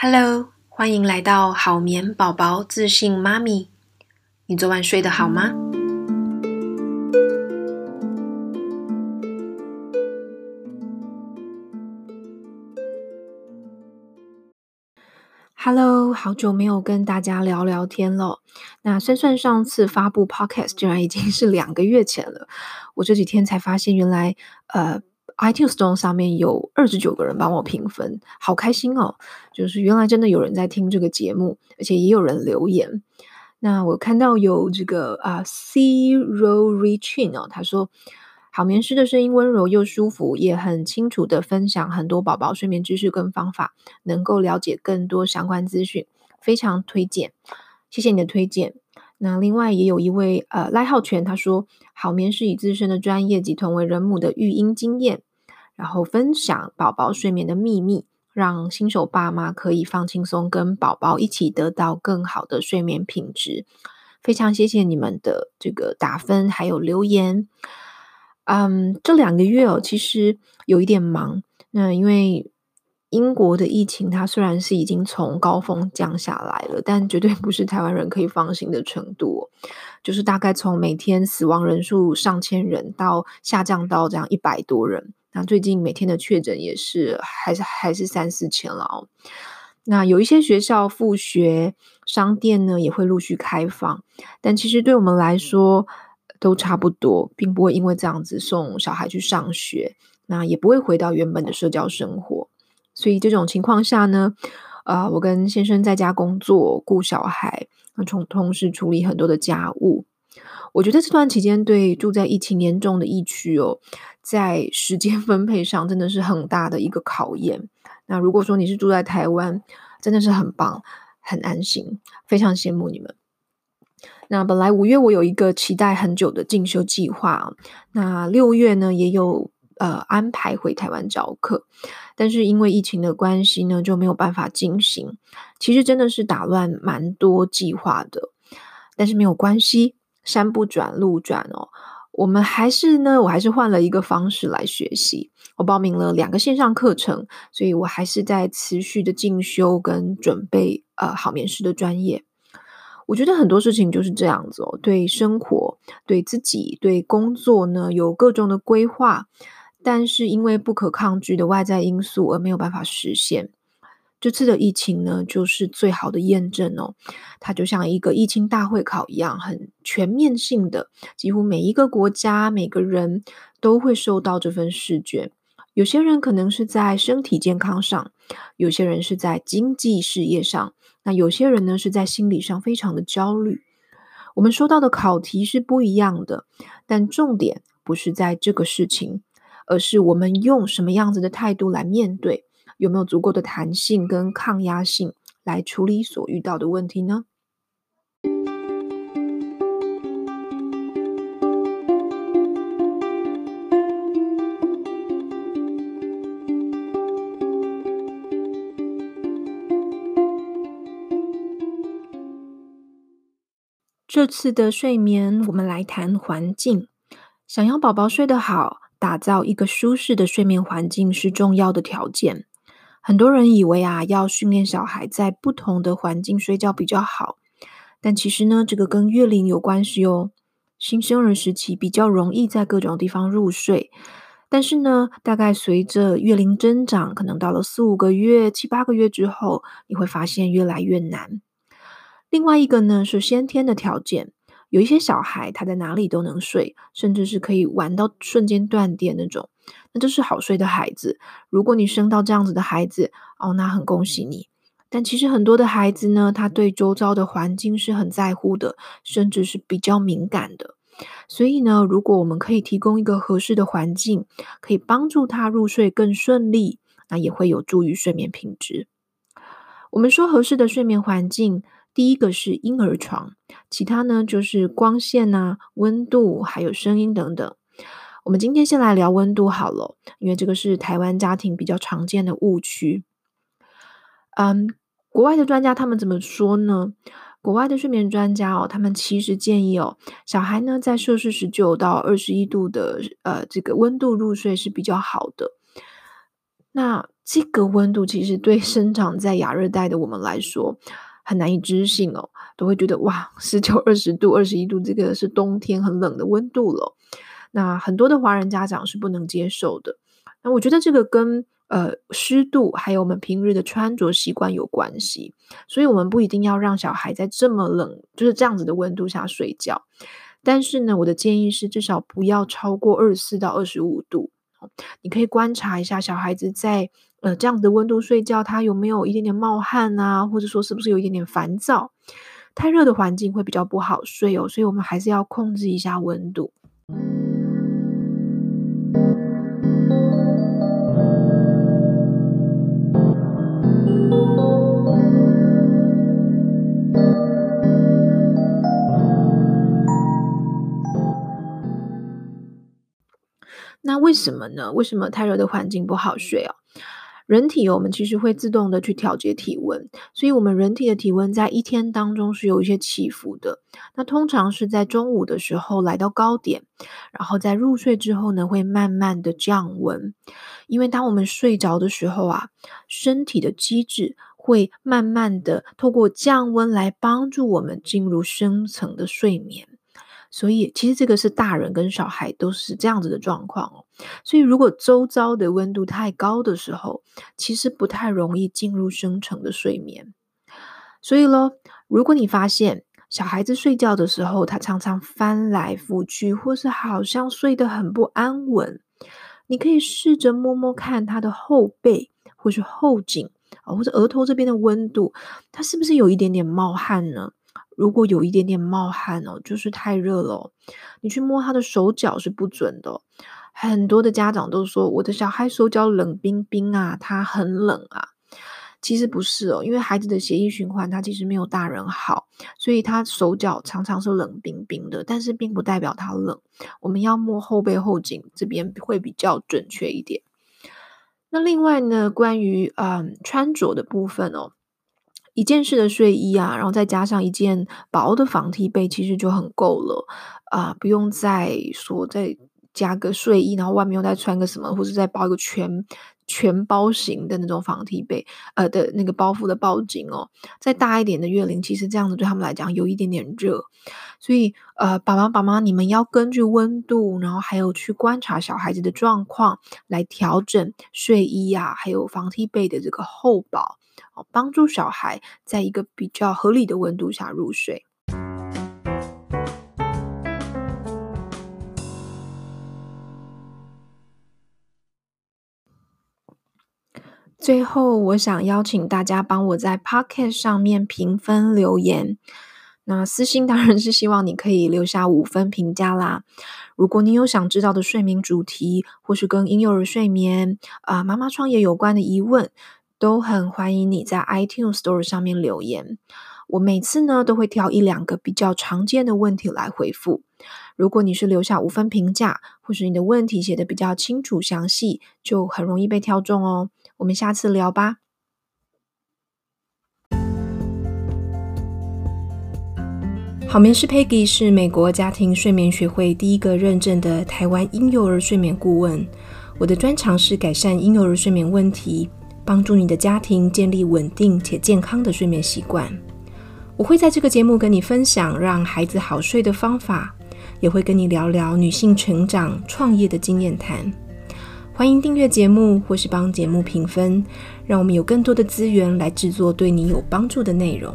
Hello，歡迎來到好眠寶寶自信媽咪。你昨晚睡得好嗎？Hello，好久沒有跟大家聊聊天了。那算算上次發布 Podcast，竟然已經是兩個月前了。我這幾天才發現，原來呃。iTunes 上面有二十九個人幫我評分，好開心哦！就是原來真的有人在聽這個節目，而且也有人留言。那我看到有這個啊，呃，C. Row Richin 哦，他說：“好眠師的聲音溫柔又舒服，也很清楚的分享很多寶寶睡眠知識跟方法，能夠了解更多相關資訊，非常推薦。”謝謝你的推薦。那另外也有一位呃賴浩泉，他說：“好眠師以自身的專業及同為人母的育嬰經驗。”然後分享寶寶睡眠的秘密，讓新手爸媽可以放輕鬆，跟寶寶一起得到更好的睡眠品質。非常謝謝你們的這個打分還有留言。嗯，這兩個月哦，其實有一點忙。那因為英國的疫情，它雖然是已經從高峰降下來了，但絕對不是台灣人可以放心的程度。就是大概從每天死亡人數上千人，到下降到這樣一百多人。那最近每天的確診也是還是還是三四千了哦。那有一些學校復學，商店呢也會陸續開放，但其實對我們來說都差不多，並不會因為這樣子送小孩去上學，那也不會回到原本的社交生活。所以這種情況下呢，啊、呃，我跟先生在家工作，顧小孩，那從同時處理很多的家務。我覺得這段期間對住在疫情嚴重的疫區哦，在時間分配上真的是很大的一個考驗。那如果說你是住在台灣，真的是很棒，很安心，非常羨慕你們。那本來五月我有一個期待很久的進修計劃，那六月呢也有呃安排回台灣教課，但是因為疫情的關係呢就沒有辦法進行。其實真的是打亂蠻多計劃的，但是沒有關係。山不轉路轉哦，我們還是呢，我還是換了一個方式來學習。我報名了兩個線上課程，所以我還是在持續的進修跟準備呃好眠師的專業。我覺得很多事情就是這樣子哦，對生活、對自己、對工作呢有各種的規劃，但是因為不可抗拒的外在因素而沒有辦法實現。這次的疫情呢，就是最好的驗證哦。它就像一個疫情大會考一樣，很全面性的，幾乎每一個國家、每個人都會收到這份試卷。有些人可能是在身體健康上，有些人是在經濟事業上，那有些人呢是在心理上非常的焦慮。我們收到的考題是不一樣的，但重點不是在這個事情，而是我們用什麼樣子的態度來面對。有沒有足夠的彈性跟抗壓性來處理所遇到的問題呢？這次的睡眠，我們來談環境。想要寶寶睡得好，打造一個舒適的睡眠環境是重要的條件。很多人以為啊，要訓練小孩在不同的環境睡覺比較好，但其實呢，這個跟月齡有關係哦。新生兒時期比較容易在各種地方入睡，但是呢，大概隨着月齡增長，可能到了四五個月、七八個月之後，你會發現越來越難。另外一個呢，是先天的條件，有一些小孩他在哪裡都能睡，甚至是可以玩到瞬間斷電那種。那這是好睡的孩子。如果你生到這樣子的孩子哦，那很恭喜你。但其實很多的孩子呢，他對周遭的環境是很在乎的，甚至是比較敏感的。所以呢，如果我們可以提供一個合適的環境，可以幫助他入睡更順利，那也會有助於睡眠品質。我們說合適的睡眠環境，第一個是嬰兒床，其他呢就是光線啊、溫度還有聲音等等。我們今天先來聊溫度好了，因為這個是台灣家庭比較常見的誤區。嗯，國外的專家他們怎麼說呢？國外的睡眠專家哦，他們其實建議哦，小孩呢在攝氏十九到二十一度的呃這個溫度入睡是比較好的。那這個溫度其實對生長在亞熱帶的我們來說很難以置信哦，都會覺得哇，十九、二十度、二十一度，這個是冬天很冷的溫度了。那很多的華人家長是不能接受的。那我覺得這個跟呃濕度，還有我們平日的穿着習慣有關係。所以，我們不一定要讓小孩在這麼冷，就是這樣子的溫度下睡覺。但是呢，我的建議是，至少不要超過二十四到二十五度。你可以觀察一下小孩子在呃這樣子的溫度睡覺，他有沒有一點點冒汗啊，或者說是不是有一點點煩躁？太熱的環境會比較不好睡哦。所以我們還是要控制一下溫度。為什麼呢？為什麼太熱的環境不好睡哦？人體我們其實會自動的去調節體溫，所以我們人體的體溫在一天當中是有一些起伏的。那通常是在中午的時候來到高點，然後在入睡之後呢，會慢慢的降溫。因為當我們睡着的時候啊，身體的機制會慢慢的透過降溫來幫助我們進入深層的睡眠。所以，其實這個是大人跟小孩都是這樣子的狀況。所以，如果周遭的溫度太高的時候，其實不太容易進入深層的睡眠。所以咯，如果你發現小孩子睡覺的時候，他常常翻來覆去，或是好像睡得很不安穩，你可以試着摸摸看他的後背，或是後頸啊，哦，或者額頭這邊的溫度，他是不是有一點點冒汗呢？如果有一點點冒汗哦，就是太熱了哦。你去摸他的手腳是不準的哦。很多的家長都說，我的小孩手腳冷冰冰啊，他很冷啊。其實不是哦，因為孩子的血液循環他其實沒有大人好，所以他手腳常常是冷冰冰的，但是並不代表他冷。我們要摸後背後頸這邊會比較準確一點。那另外呢，關於嗯、呃，穿着的部分哦。一件式的睡衣啊，然後再加上一件薄的防踢被，其實就很夠了啊、呃，不用再說再。加個睡衣，然後外面又再穿個什麼，或者再包一個全全包型的那種防踢被，呃的那個包覆的包緊哦。再大一點的月齡，其實這樣子對他們來講有一點點熱，所以呃，爸媽爸媽媽你們要根據溫度，然後還有去觀察小孩子的狀況來調整睡衣呀、啊，還有防踢被的這個厚薄，哦，幫助小孩在一個比較合理的溫度下入睡。最後，我想邀請大家幫我在 Podcast 上面評分留言。那私心當然是希望你可以留下五分評價啦。如果你有想知道的睡眠主題，或是跟嬰幼兒睡眠、啊、呃、媽媽創業有關的疑問，都很歡迎你在 iTunes Store 上面留言。我每次呢都會挑一兩個比較常見的問題來回復。如果你是留下五分評價，或是你的問題寫得比較清楚詳細，就很容易被挑中哦。我們下次聊吧。好眠師 Peggy 是美國家庭睡眠學會第一個認證的台灣嬰幼兒睡眠顧問。我的專長是改善嬰幼兒睡眠問題，幫助你的家庭建立穩定且健康的睡眠習慣。我會在這個節目跟你分享讓孩子好睡的方法，也會跟你聊聊女性成長、創業的經驗談。歡迎訂閱節目，或是幫節目評分，讓我們有更多的資源來製作對你有幫助的內容。